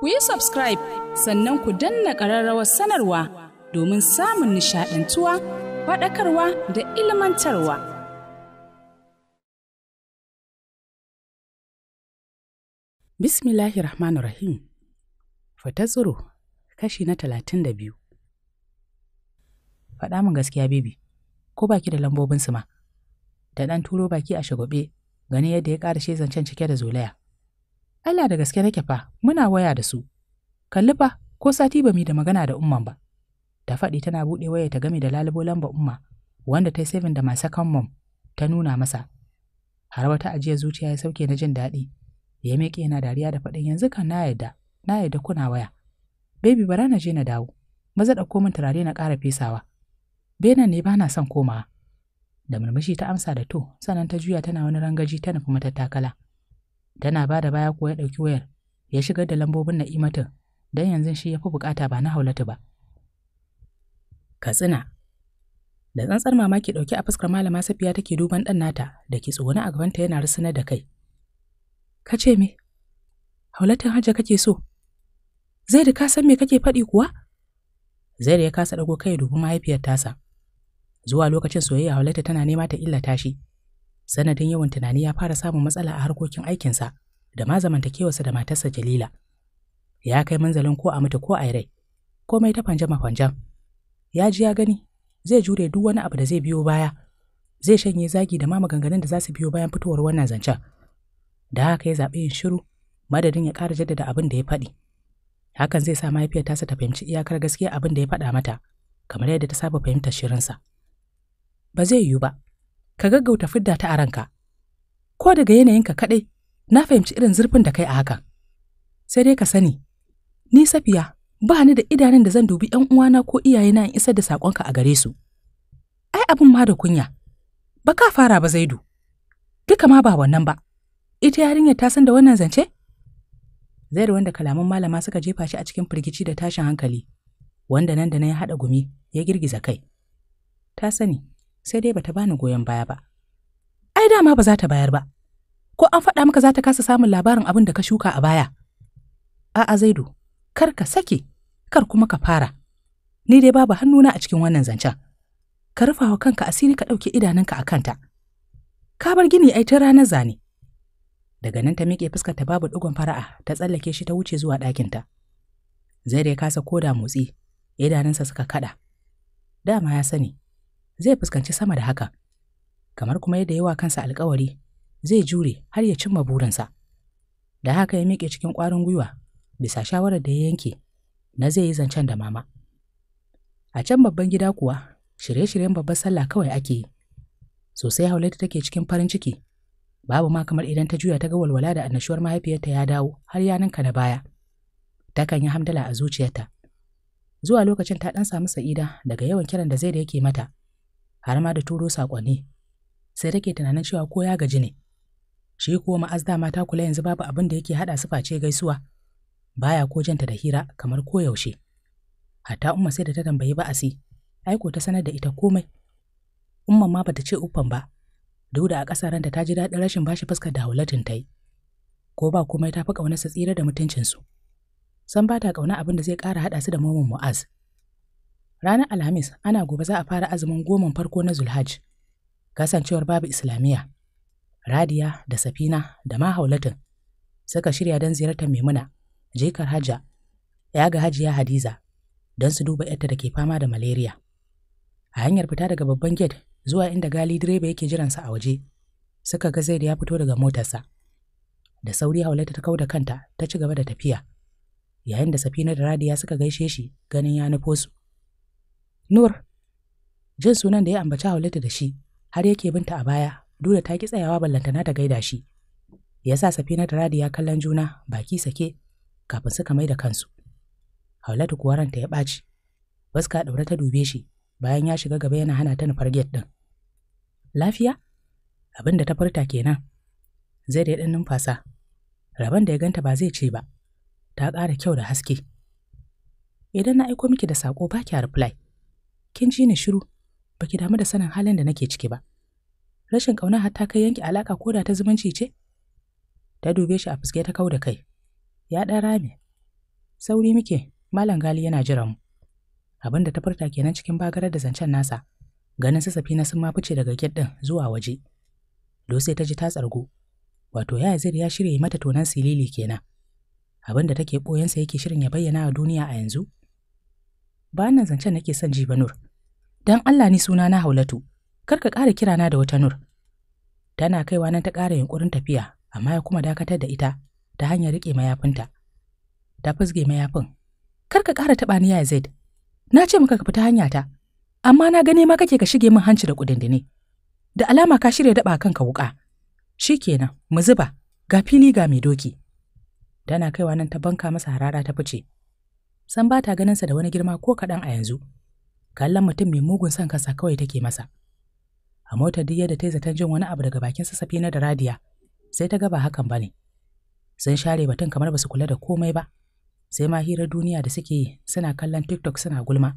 ku yi subscribe sannan ku danna ƙararrawar sanarwa domin samun nishaɗantuwa faɗakarwa da ilmantarwa. Bismillahir Rahmanir Rahim Fata kashi na talatin da biyu. Faɗa min gaskiya bibi, ko baki da lambobin su ma, da ɗan turo baki a shagobe gani yadda ya ƙara zancen cike da zolaya. Allah da gaske nake fa, muna waya da su. Kalli fa, ko sati ba mu da magana da umman ba. Ta faɗi tana buɗe waya ta game da lalubo lamba umma, wanda ta yi saving da masu mom ta nuna masa. Har wata ajiya zuciya ya sauke na jin daɗi. Ya miƙe yana dariya da faɗin yanzu kan na yadda, na yadda kuna waya. Baby bara na je na dawo. Maza ɗauko min turare na ƙara fesawa. Benan ne ba na son komawa. Da murmushi ta amsa da to, sannan ta juya tana wani rangaji ta nufi matattakala. Tana ba da baya kuwa ya ɗauki wayar, ya shigar da lambobin imatin don yanzu shi ya fi bukata ba na haulatu ba. Katsina Da tsantsar mamaki ɗauke a fuskar malama safiya take duban ɗan nata da ke tsugune a gabanta yana risinar da kai. Ka ce me? Haulatun hajja kake so? Zaidu ka san me kake faɗi kuwa? Zaidu ya kasa ɗago kai dubi mahaifiyar tasa. Zuwa lokacin soyayya Haulatu tana nema ta illata shi, sanadin yawan tunani ya fara samun matsala a harkokin aikinsa da ma zamantakewarsa da matarsa Jalila. Ya kai manzalin ko a mutu ko a rai, komai ta fanjama-fanjam. Ya ji ya gani, zai jure duk wani abu da zai biyo baya, zai shanye zagi da ma maganganun da za su biyo bayan fitowar wannan zancen. Da haka ya zaɓi yin shiru, madadin ya ƙara jaddada abin da ya faɗi. Hakan zai sa mahaifiyar tasa ta fahimci iyakar gaskiya abin da ya faɗa mata, kamar yadda ta saba fahimtar shirinsa. Ba zai yiwu ba, ka gaggauta fidda ta a ranka. Ko daga yanayinka kaɗai, na fahimci irin zurfin da kai a hakan. Sai dai ka sani, ni safiya ba ni da idanun da zan dubi ‘yan uwana ko iyayena in isar da saƙonka a gare su. Ai abin ma da kunya, ba ka fara ba zaidu, duka ma ba wannan ba. Ita yarinyar ta san da wannan zance? Zaidu wanda kalaman malama suka jefa shi a cikin firgici da tashin hankali, wanda nan da nan ya haɗa gumi ya girgiza kai. Ta sani, sai dai bata bani goyon baya ba. Ai dama ba za ta bayar ba, ko an faɗa maka za ta kasa samun labarin abin da ka shuka a baya. A'a Zaidu, kar ka sake, kar kuma ka fara. Ni dai babu hannuna a cikin wannan zancen. Ka rufa wa kanka asiri ka ɗauki idanunka a kanta. Ka bar gini ai ta ranar zane. Daga nan ta miƙe fuskar ta babu ɗigon fara'a ta tsallake shi ta wuce zuwa ɗakinta. Zaidu ya kasa koda motsi, idanunsa suka kaɗa. Dama ya sani, zai fuskanci sama da haka. Kamar kuma yadda yawa kansa alkawari, zai jure har ya cimma burinsa. Da haka ya miƙe cikin ƙwarin gwiwa, bisa shawarar da ya yanke, na zai yi zancen da mama. A can babban gida kuwa, shirye-shiryen babbar sallah kawai ake yi. Sosai Haulatu take cikin farin ciki, babu ma kamar idan ta juya ta ga walwala da annashuwar mahaifiyarta ya dawo har ya ninka na baya. Takan yi hamdala a zuciyarta. Zuwa lokacin ta ɗan samu sa'ida daga yawan kiran da zai da yake mata, har ma da turo saƙonni sai take tunanin cewa ko ya gaji ne shi kuwa ma'az da ta kula yanzu babu abin da yake haɗa su face gaisuwa baya ko janta da hira kamar koyaushe hatta umma sai da ta tambayi ba'asi aiko ta sanar da ita komai umma ma bata ce uffan ba dauda a ƙasa ranta ta ji daɗin rashin bashi fuskar da haulatin ta yi ko ba komai ta fi ƙaunarsa tsira da mutuncinsu san ba ta ƙauna abin da zai ƙara haɗa su da maman mu'az Ranar Alhamis ana gobe za a fara azumin goman farko na Zulhaj. Kasancewar babu Islamiyya, Radiya da Safina da ma suka shirya don ziyartar Maimuna, jikar Hajja, ya ga Hajiya Hadiza don su duba yadda da ke fama da malaria. A hanyar fita daga babban gate zuwa inda gali direba yake jiransa a waje, suka ga da ya fito daga motarsa. Da sauri Haulata ta kau da kanta ta ci gaba da tafiya, yayin da Safina da Radiya suka gaishe shi ganin ya nufo su. Nur, jin sunan da ya ambaci Hawlatu da shi, har yake binta a baya, Duda ta ki tsayawa ballantana ta gaida shi. Ya sa Safina da Radiya kallon juna, baki sake, kafin suka mai da kansu. Hawlatu kuwa ranta ya ɓaci. Baska ɗaure ta dube shi, bayan ya shiga gaba yana hana ta nufar get ɗin. Lafiya? Abin da ta furta kenan. Zai da ɗan numfasa. Rabon da ya ganta ba zai ce ba. Ta ƙara kyau da haske. Idan na aiko miki da saƙo ba ki reply. kin ji ni shiru, Baki damu da sanin halin da nake ciki ba. Rashin ƙauna har ta kai yanke alaƙa ko da ta zumunci ce? Ta dube shi a fuske ta kau da kai. Ya ɗan rame. Sauri muke, Malam Gali yana jiran mu. Abin da ta furta kenan cikin bagarar da zancen nasa. Ganin sassafe na sun ma fice daga gate ɗin zuwa waje. Dose ta ji ta tsargu. Wato ya zir ya shirya mata tonan silili kenan. Abin da take ɓoyensa yake shirin ya bayyana a duniya a yanzu, ba nan zancen nake son ji ba Nur. Dan Allah ni suna na Haulatu, kar ka ƙara kira na da wata Nur. Tana kaiwa nan ta ƙara yunkurin tafiya, amma ya kuma dakatar da ita ta hanyar riƙe mayafinta. Ta fusge mayafin. Kar ka ƙara taɓa ni ya Zaid. Na ce maka ka fita hanya ta, amma na gane ma kake ka shige min hanci da kudindine. Da alama ka shirya daɓa kanka wuƙa. Shi kenan, mu zuba, ga fili ga mai doki. Tana kaiwa nan ta banka masa harara ta fice. san ba ta ganinsa da wani girma ko kaɗan a yanzu. Kallon mutum mai mugun son kansa kawai take masa. A motar duk yadda ta yi zaton jin wani abu daga bakin sassafe na da radiya, sai ta gaba hakan ba ne. Sun share batun kamar ba su kula da komai ba, sai ma hirar duniya da suke yi suna kallon TikTok suna gulma.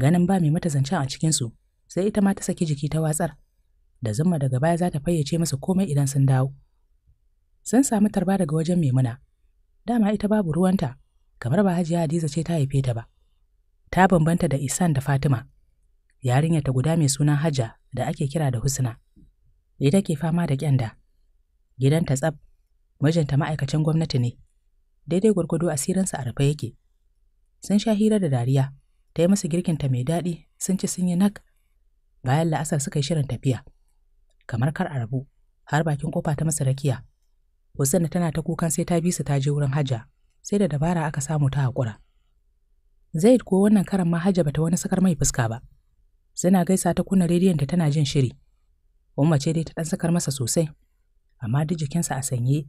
Ganin ba mai mata zancen a cikinsu, sai ita ma ta saki jiki ta watsar, da zumma daga baya za ta fayyace masa komai idan sun dawo. Sun samu tarba daga wajen Maimuna, dama ita babu ruwanta, kamar ba hajiya Hadiza ce ta haife ta ba. Ta bambanta da Isan da Fatima, yarinya ta guda mai suna Hajja da ake kira da Husna. Ita ke fama da kyanda. Gidanta tsab. mijinta ma'aikacin gwamnati ne. Daidai gwargwado asirinsa a rufe yake. Sun sha hira da dariya, ta yi masa girkinta mai daɗi, sun ci sun yi nak. Bayan la'asar suka yi shirin tafiya. Kamar kar a rabu, har bakin kofa ta masa rakiya. Husna tana ta kukan sai ta bi su ta je wurin Hajja sai da dabara aka samu ta haƙura. Zaid ko wannan karan ma hajja bata wani sakar mai fuska ba. Suna gaisa ta kunna rediyon ta tana jin shiri. Umma ce dai ta ɗan sakar masa sosai, amma duk jikinsa a sanye,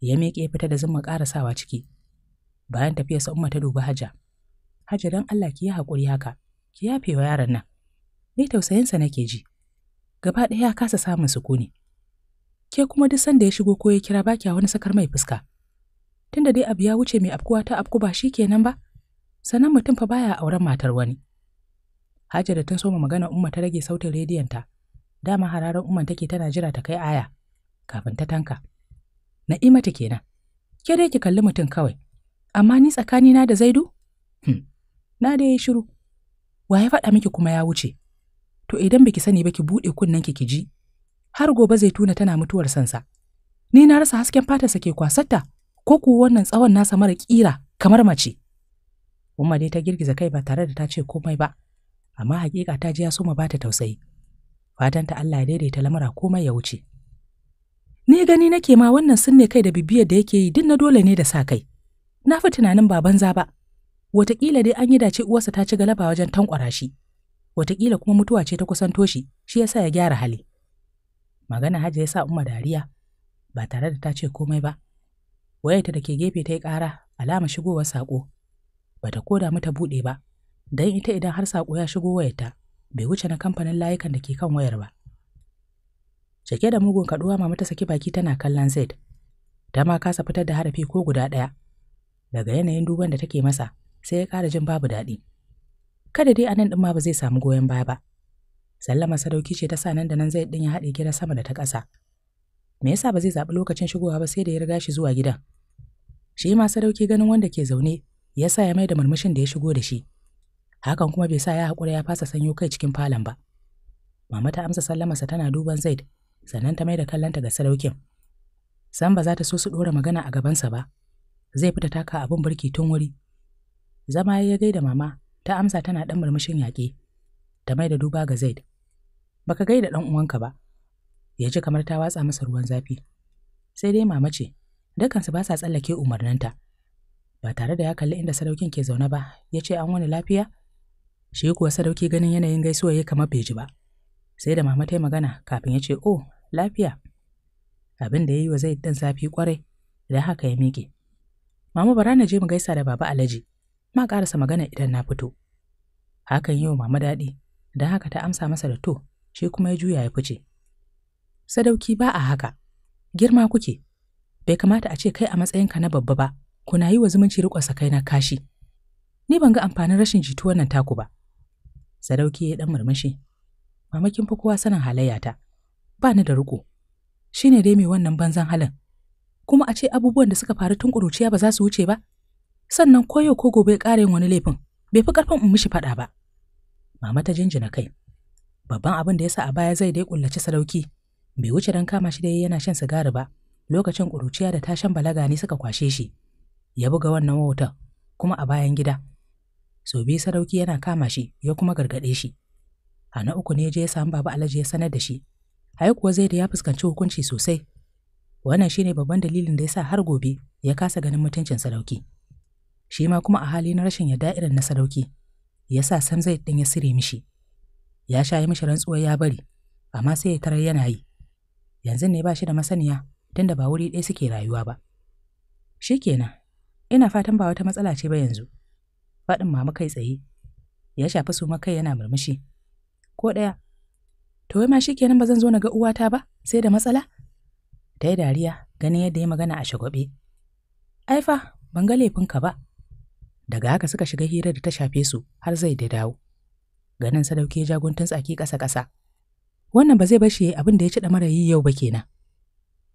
ya miƙe fita da zuma sawa ciki. Bayan tafiyarsa Umma ta dubi hajja. Hajja don Allah ki yi haƙuri haka, ki yafe wa yaron nan. Ni tausayinsa nake ji. Gaba ɗaya ya kasa samun sukuni. Ke kuma duk sanda ya shigo ko ya kira baki a wani sakar mai fuska. tun da dai abu ya wuce mai afkuwa ta afku ba shi kenan ba sannan mutum fa baya auren matar wani hajara tun soma magana umma ta rage sautin rediyonta dama hararar umman take tana jira ta kai aya kafin ta tanka na'imata kenan ke dai ki kalli mutum kawai amma ni na da zaidu hmm. na yi shiru wa ya faɗa miki kuma ya wuce to idan biki sani ba ki buɗe kunnenki ki ji har gobe zai tuna tana mutuwar sansa ni na rasa hasken fatarsa ke kwasatta ko kuwa wannan tsawon nasa mara ƙira kamar mace. Umma dai ta girgiza kai ba tare da ta ce komai ba, amma hakika ta ji ya soma ba ta tausayi. Fatanta Allah ya daidaita lamura komai ya wuce. Ni gani nake ma wannan sunne kai da bibiyar da yake yi duk na dole ne da sa kai. Na fi tunanin ba banza ba. Wataƙila dai an yi dace uwarsa ta ci galaba wajen tankwara shi. Wataƙila kuma mutuwa ce ta kusanto shi, shi yasa ya gyara hali. Magana Hajji ya sa Umma dariya, ba tare da ta ce komai ba. wayarta da ke gefe ta yi ƙara alama shigowar saƙo bata koda mata buɗe ba don ita idan har saƙo ya shigo wayarta bai wuce na kamfanin layukan da ke kan wayar ba cike da mugun kaɗuwa mama ta saki baki tana kallon zaid ta ma kasa fitar da harafi ko guda ɗaya daga yanayin duban da take masa sai ya kara jin babu daɗi kada dai anan ɗin ma ba zai samu goyon baya ba sallama sadauki ce ta sa nan da nan zai ɗin ya haɗe gidan sama da ta ƙasa me yasa ba zai zaɓi lokacin shigowa ba sai da ya riga shi zuwa gidan shi ma sadauki ganin wanda ke zaune ya sa ya mai da murmushin da ya shigo da shi hakan kuma bai sa ya haƙura ya fasa sanyo kai cikin falon ba mama ta amsa sallamarsa tana duban zaid sannan ta mai da kallonta ga sadaukin san ba za ta so su ɗora magana a gabansa ba zai fita taka abin birki tun wuri zama ya gaida mama ta amsa tana ɗan murmushin yaƙi ta mai da duba ga zaid baka gaida ɗan uwanka ba ya ji kamar ta watsa masa ruwan zafi. Sai dai mama ce, dukansu ba sa tsallake umarninta. Ba tare da ya kalli inda sadaukin ke zaune ba, ya ce an wani lafiya? Shi kuwa sadauki ganin yanayin gaisuwa ya kamar bai ji ba. Sai da mama ta yi magana kafin ya ce, o, oh, lafiya." Abin da ya yi wa zai ɗan zafi kwarai, da haka ya miƙe. Mama bara na je mu gaisa da baba Alhaji, ma karasa magana idan na fito. Hakan yi mama daɗi, don haka ta amsa masa da to, shi kuma ya juya ya fice. sadauki ba a haka girma kuke bai kamata a ce kai a matsayinka na babba ba kuna yi wa zumunci riƙon sakai na kashi ni ban ga amfanin rashin jituwar nan taku ba sadauki ya dan murmushi mamakin fa kowa sanin halayyata ba ni da riko shine dai mai wannan banzan halin kuma a ce abubuwan da suka faru tun ƙuruciya ba za su wuce ba sannan ko yau ko gobe ƙara yin wani laifin bai fi ƙarfin in mishi faɗa ba mama ta jinjina kai babban abin da ya sa a baya zai dai ƙullaci sadauki bai wuce dan kama shi da yana shan sigari ba lokacin ƙuruciya da tashan balaga ne suka kwashe shi ya buga wannan wautar kuma a bayan gida sau biyu sarauki yana kama shi ya kuma gargaɗe shi a na uku ne je ya samu baba alajiya ya sanar da shi ai kuwa zai da ya fuskanci hukunci sosai wannan shine babban dalilin da ya sa har gobe ya kasa ganin mutuncin sarauki shi ma kuma a hali na rashin yarda irin na sarauki ya sa sam zai ɗin ya sire mishi ya sha yi mishi rantsuwar ya bari amma sai ya tarar yana yi yanzu ne ba shi da masaniya tunda ba wuri ɗaya suke rayuwa ba. Shi kenan, ina fatan ba wata matsala ce ba yanzu. Faɗin mama kai tsaye, ya shafi su kai yana murmushi. Ko ɗaya, to wai ma shi kenan ba zan zo na ga uwata ba sai da matsala? Ta yi dariya ganin yadda ya magana a shagwaɓe Ai fa, ban ga laifinka ba. Daga haka suka shiga hira da ta shafe su har zai da dawo. Ganin sadauki ya jaguntun tsaki ƙasa-ƙasa. wannan ba zai bar shi abin da ya ci da mara yi yau ba kenan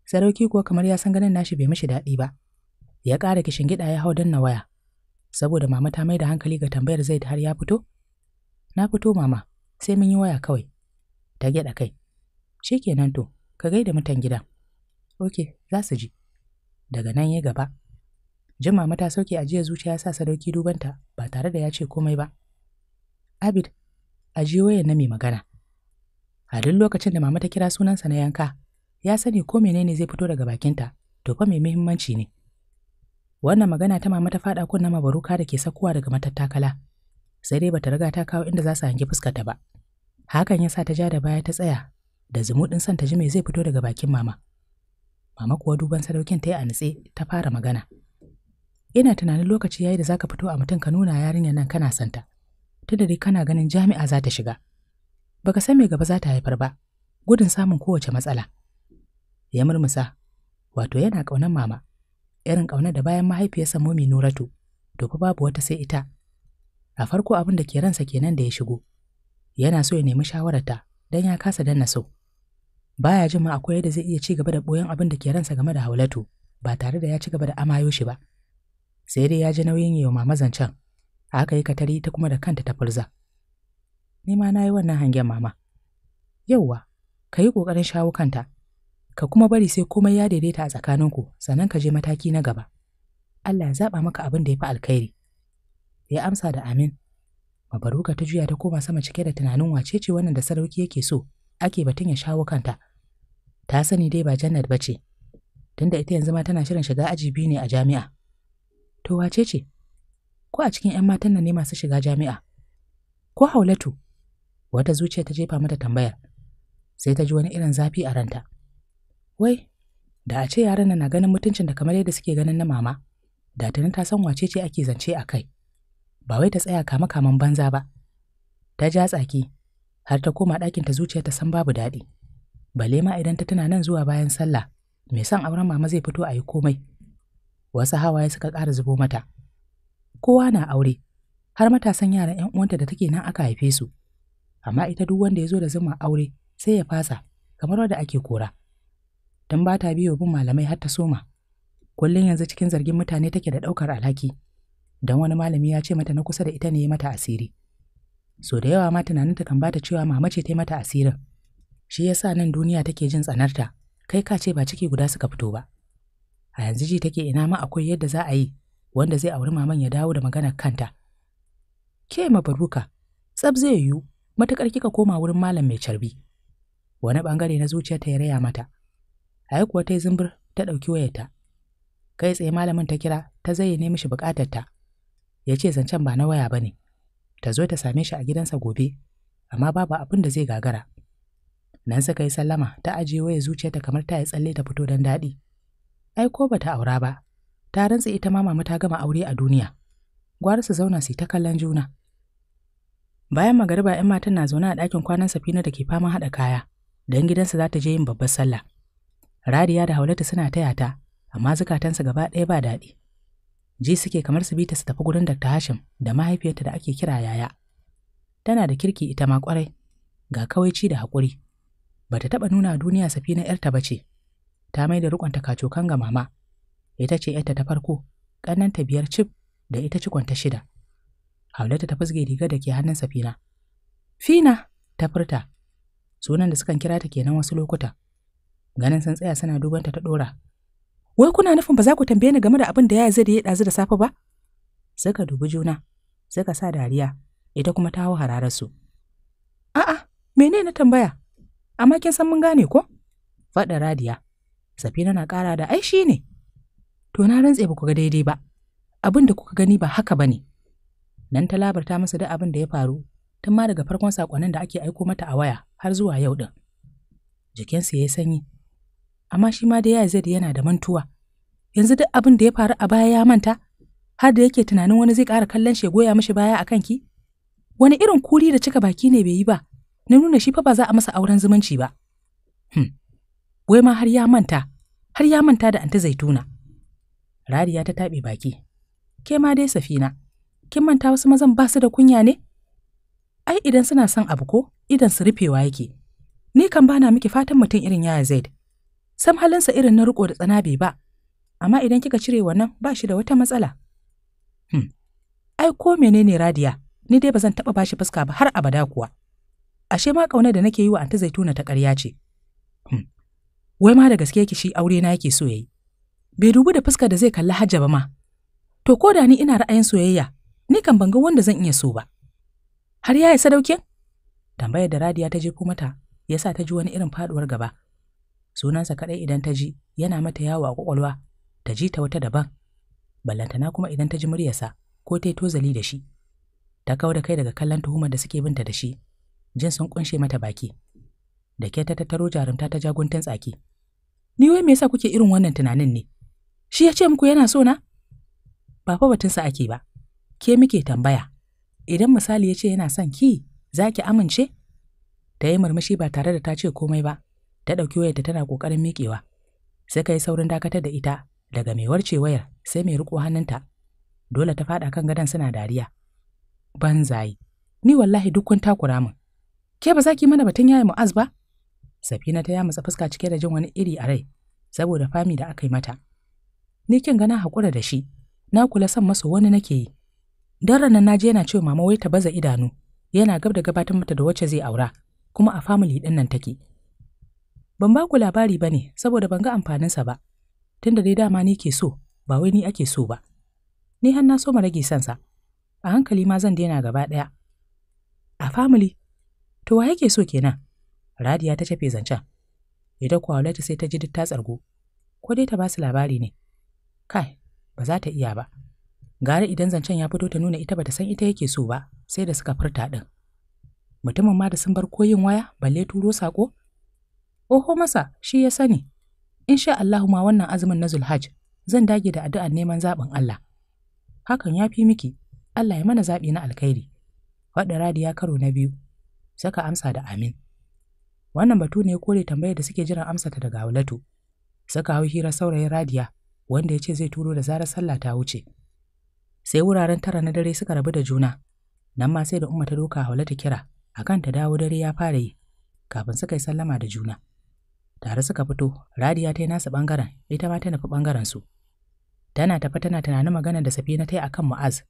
sarauki kuwa kamar ya san ganin nashi bai mishi daɗi ba ya ƙara gida ya hau danna waya saboda mama ta mai da hankali ga tambayar zai zaid har ya fito na fito mama sai mun yi waya kawai ta gyaɗa kai shikenan to ka gaida mutan gida ok za su ji daga nan ya gaba jin mama ta sauke jiya zuciya sa sadauki dubanta ba tare da ya ce komai ba abid ajiye wayan na mai magana A duk lokacin da mama ta kira sunansa na yanka, ya sani ko menene zai fito daga bakinta, to fa mai muhimmanci ne. Wannan magana ta mama ta faɗa kunna mabaruka da ke sakuwa daga matattakala, sai dai bata riga ta kawo inda za su hangi fuskarta ba. Hakan ya sa ta ja da baya ta tsaya, da zumuɗin son ta ji me zai fito daga bakin mama. Mama kuwa duban sadaukin ta yi a nitse, ta fara magana. Ina tunanin lokaci yayi da zaka fito a mutum ka nuna yarinyar nan kana santa. Tunda dai kana ganin jami'a za ta shiga. Baka san me gaba za ta haifar ba, gudun samun kowace matsala. Ya murmusa, wato yana ƙaunar mama, irin ƙaunar da bayan mahaifiyarsa momi Nuratu, to fa babu wata sai ita. A farko abin da ke ransa kenan da ya shigo. Yana so ya nemi shawararta dan ya kasa danna so. Baya jin ma akwai yadda zai iya ci gaba da boyan abin da ke ransa game da Haulatu ba tare da ya ci gaba da amayo shi ba. Sai dai ya ji nauyin yi wa mama zancen, haka yi katari ta kuma da kanta ta furza. Ni ma na yi wannan hangen mama. Yauwa, ka yi ƙoƙarin shawo kanta, ka kuma bari sai komai ya daidaita a tsakaninku sannan ka je mataki na gaba. Allah ya zaɓa maka abin da ya fi alkhairi. Ya amsa da amin. Mabaruka ta juya ta koma sama cike da tunanin wace ce wannan da sarauki yake so, ake batun ya shawo kanta. Ta sani dai ba Jannat ba ce, tunda ita yanzu ma tana shirin shiga aji biyu ne a jami'a. To wace ce? Ko a cikin 'yan matan nan ne masu shiga jami'a? Ko Haulatu? wata zuciya ta jefa mata tambayar sai ta ji wani irin zafi a ranta wai da a ce yaran nan na ganin mutuncin da kamar yadda suke ganin na mama da tuni ta san wace ce ake zance a kai ba wai ta tsaya kama kaman banza ba ta ja tsaki har ta koma ɗakin ta zuciya ta san babu daɗi bale ma idan ta tuna nan zuwa bayan sallah Me son auren mama zai fito a yi komai wasu hawaye suka ƙara zubo mata kowa na aure har matasan yaran 'yan uwanta da take nan aka haife su amma ita duk wanda ya zo da zuma aure sai ya fasa kamar wadda ake kora don ba ta biyo bin malamai har ta soma kullum yanzu cikin zargin mutane take da ɗaukar alhaki don wani malami ya ce mata na kusa da ita ne ya mata asiri so da yawa ma tunaninta kan bata cewa mama ce ta yi mata asirin shi yasa nan duniya take jin tsanarta kai ka ce ba ciki guda suka fito ba a yanzu ji take ina ma akwai yadda za a yi wanda zai auri maman ya dawo da maganar kanta ke mabaruka tsab zai yiwu matuƙar kika koma wurin malam mai carbi. Wani ɓangare na zuciya ya raya mata. Ai kuwa ta yi zumbur ta ɗauki wayarta. Kai tsaye malamin ta kira ta zayyane mishi buƙatarta. Ya ce zancen ba na waya ba ne. Ta zo ta same shi a gidansa gobe, amma babu abin da zai gagara. Nan suka yi sallama ta ajiye waya zuciyarta kamar ta yi tsalle ta fito don daɗi. Ai ko bata aura ba, ta rantse ita ma mama ta gama aure a duniya. Gwara su zauna su ta kallon juna. Bayan magariba 'yan matan na zaune a ɗakin kwanan Safina da ke fama haɗa kaya, don gidansa za ta je yin babbar sallah. Radiya da Haulatu suna taya ta, amma zukatansa gaba ɗaya ba daɗi. Ji suke kamar su bita su tafi gurin Dr. Hashim da mahaifiyarta da ake kira yaya. Tana da kirki ita ma kwarai, ga kawaici da haƙuri. Ba ta taɓa nuna duniya Safina 'yarta ba ce, ta mai da riƙon takacokan ga mama. Ita ce 'yarta ta farko, ƙannanta biyar cif da ita cikonta shida. Haulatu ta fusge riga da ke hannun Safina. Fina ta furta. Sunan da sukan kira ta kenan wasu lokuta. Ganin sun tsaya suna duban ta ɗora. dora. Wai kuna nufin ba za ku tambaye ni game da abin da ya zai da ya ɗazu da safe ba? Suka dubi juna, suka sa dariya, ita kuma ta hau hararsu. A'a, menene na tambaya? Amma kin san mun gane ko? Faɗa radiya. Safina na ƙara da ai shi ne. To na rantse ba ku ga daidai ba. Abin da kuka gani ba haka ba ne. nan ta labarta masa duk abin da ya faru tun ma daga farkon sakonnin da ake aiko mata a waya har zuwa yau din. Jikinsa ya yi sanyi, amma shi ma da ya zai yana da mantuwa. Yanzu duk abin da ya faru a baya ya manta, har da yake tunanin wani zai ƙara kallon shi goya mishi baya a kanki? Wani irin kuri da cika baki ne bai yi ba, na nuna shi fa ba za a masa auren zumunci ba. Hmm. Wai ma har ya manta, har ya manta da anta zaituna. Rariya ta taɓe baki. Ke ma dai safina, kin manta wasu mazan ba su da kunya ne? Ai idan suna son abu ko idan su rufewa yake. Ni kan bana miki fatan mutum irin yaya Zaid. Sam halinsa irin na riko da tsana bai ba. Amma idan kika cire wannan ba shi da wata matsala. Hmm. Ai ko menene radiya? Ni dai ba zan taɓa bashi fuska ba har abada kuwa. Ashe ma ƙaunar da nake yi wa Anta Zaituna ta ƙarya ce. Hmm. Wai ma da gaske yake shi aure na yake so yayi. Bai dubu da fuska da zai kalli hajja ba ma. To ko da ni ina ra'ayin soyayya, Ni kan ban ga wanda zan iya so ba. Har ya isa daukin? Tambayar da Radiya ta jefo mata ya sa ta ji wani irin faduwar gaba. Sunansa kaɗai idan ta ji yana mata yawo a kwakwalwa, ta ji ta wata daban. Ballantana kuma idan ta ji muryarsa ko ta yi tozali da shi. Ta kawo da kai daga kallon tuhumar da suke binta da shi, jin sun kunshe mata baki. Da ke ta tattaro jarumta ta jaguntun tsaki. Ni wai me yasa kuke irin wannan tunanin ne? Shi ya ce muku yana so na? Ba fa batunsa ake ba. ke muke tambaya, idan misali ya ce yana son ki, za ki amince? Ta yi murmushi ba tare da ta ce komai ba, ta ɗauki wayarta tana ƙoƙarin miƙewa. Sai ka yi saurin dakatar da ita daga mai warce wayar sai mai riƙo hannunta. Dole ta faɗa kan gadon suna dariya. ban zayi ni wallahi duk kun takura min. Ke ba za ki mana batun yaya mu'az ba? Safina ta yamutsa fuska cike da jin wani iri a rai, saboda fami da aka yi mata. Ni kin gana haƙura da shi, na kula son maso wani nake yi. Don ranar na ji yana cewa mama wai ta baza idanu, yana gab da gabatar mata da wacce zai aura, kuma a family ɗin nan take. Ban ba ku labari ba ne saboda ban ga amfaninsa ba, tunda dai dama ni ke so, ba wai ni ake so ba. Ni har na so ma rage sa. a hankali ma zan daina gaba ɗaya. A family, to wa yake so kenan? Radiya ta tafe zancen. Ita kuwa Hawlatu sai ta ji duk ta tsargu, ko dai ta ba su labari ne. Kai, ba za ta iya ba. Gara idan zancen ya fito ta nuna ita bata san ita yake so ba, sai da suka furta ɗin. Mutumin ma da sun bar koyin waya, balle turo sako? Oho masa, shi ya sani. In sha Allahu ma wannan azumin na Zulhaj, zan dage da addu'ar neman zaɓin Allah. Hakan ya fi miki, Allah ya mana zaɓi na alkhairi. Faɗa radiya karo na biyu, saka amsa da amin. Wannan batu ne ya kore tambayar da suke jiran amsa ta daga Aulatu. Saka hau hirar saurayin radiya, wanda ya ce zai turo da zarar sallah ta wuce. sai wuraren tara na dare suka rabu da juna nan ma sai da umma ta doka haula ta kira akan ta dawo dare ya fara yi kafin suka yi sallama da juna tare suka fito radiya ta yi nasa bangaren ita ma ta nufi bangaren su tana tafi tana tunanin magana da safina ta yi akan mu'az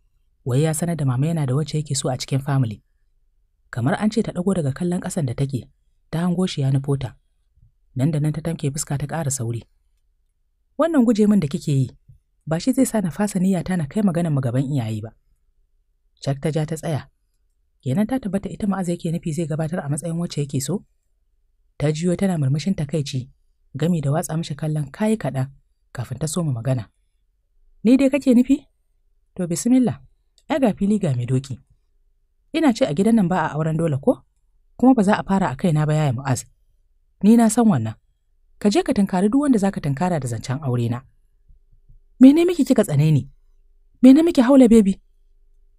wai ya sanar da mama yana da wacce yake so a cikin family kamar an ce ta ɗago daga kallon ƙasan da take ta hango shi ya nufo nan da nan ta tamke fuska ta ƙara sauri wannan guje min da kike yi ba shi zai sa na fasa niyyata na kai maganar mu gaban iyaye ba. Jack ta ja ta tsaya. Kenan ta tabbata ita ma'aza yake nufi zai gabatar a matsayin wacce yake so? Ta jiyo tana murmushin takaici, gami da watsa mishi kallon kayi kaɗan kafin ta soma magana. Ni dai kake nufi? To bismillah, ai ga fili ga mai doki. Ina ce a gidan nan ba a auren dole ko? Kuma ba za a fara a kaina ba yaya mu'az. Ni na san wannan. Ka je ka tunkari duk wanda za ka tunkara da zancen aure na. mene miki kika tsane ni mene miki haula baby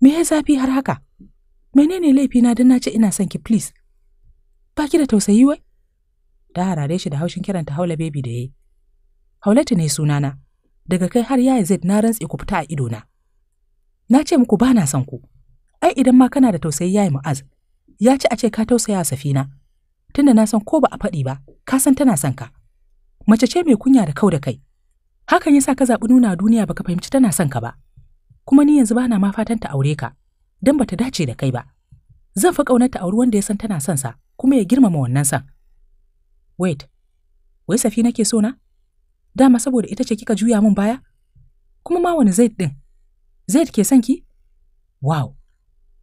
me ya zafi har haka menene laifina don na ce ina son ki please ba ki da tausayi wai ta harare shi da haushin kiranta haula baby da yayi haulatu ne sunana daga kai har yayi zaid na rantse ku fita a idona na ce muku ba na son ku ai idan ma kana da tausayi yayi mu'az ya ci a ce ka tausaya safina tunda na san ko ba a faɗi ba ka san tana son ka mace ce mai kunya da kau da kai Hakan yasa ka zaɓi nuna duniya baka fahimci tana son ka ba. Kuma ni yanzu bana ma fatan ta aure ka, don bata dace da kai ba. Zan fi ƙaunar ta auri wanda ya san tana son sa, kuma ya girmama wannan san. Wait, wai safi nake so na? Dama saboda ita ce kika juya min baya? Kuma ma wani Zaid din Zaid ke son ki? Wow!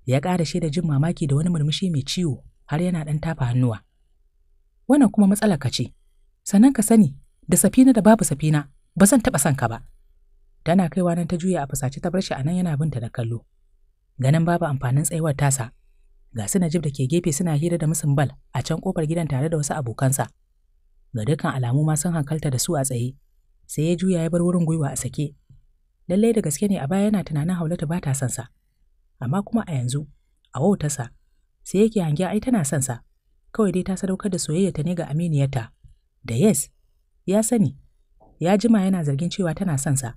Ya ƙara da jin mamaki da wani murmushi mai ciwo har yana ɗan tafa hannuwa. Wannan kuma matsalar ka ce, sannan ka sani da safina da babu safina ba zan taɓa son ka ba. Tana kaiwa nan ta juya a fusace ta bar shi a nan yana binta da kallo. Ganin babu amfanin tsayuwar tasa, ga su Najib da ke gefe suna hira da musun bal a can kofar gidan tare da wasu abokansa. Ga dukkan alamu ma sun hankalta da su a tsaye, sai ya juya ya bar wurin gwiwa a sake. Lallai da gaske ne a baya yana tunanin Haulatu ba ta son sa, amma kuma a yanzu, a wautarsa, sai yake hange ai tana son sa, kawai dai ta sadaukar da soyayya ta ne ga aminiyarta. Da yes, ya sani, ya jima yana zargin cewa tana son sa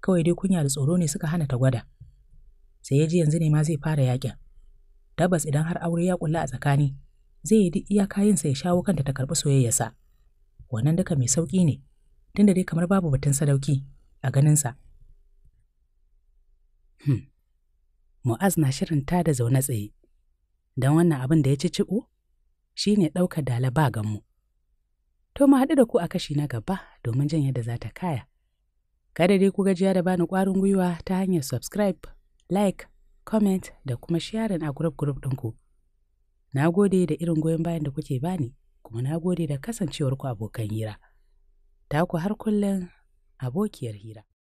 kawai dai kunya da tsoro ne suka hana ta gwada sai ya ji yanzu ne ma zai fara yakin tabbas idan har aure ya kulla a tsakani zai yi duk iyaka sa ya shawo kanta ta karɓi soyayyarsa wannan duka mai sauƙi ne tunda dai kamar babu batun sadauki a ganinsa hmm. mu'az na shirin ta da zaune tsaye don wannan abin da ya ci ciɓo shi ne ɗaukar dala ba ganmu To mu haɗu da ku a kashi na gaba domin jan yadda za ta kaya. Kada dai ku gajiya da bani ƙwarin gwiwa ta hanyar subscribe, like, comment da kuma sharing a group group ɗinku. Na gode da irin goyon bayan da kuke bani, kuma na gode da kasancewarku abokan hira. Ta ku har kullum abokiyar hira.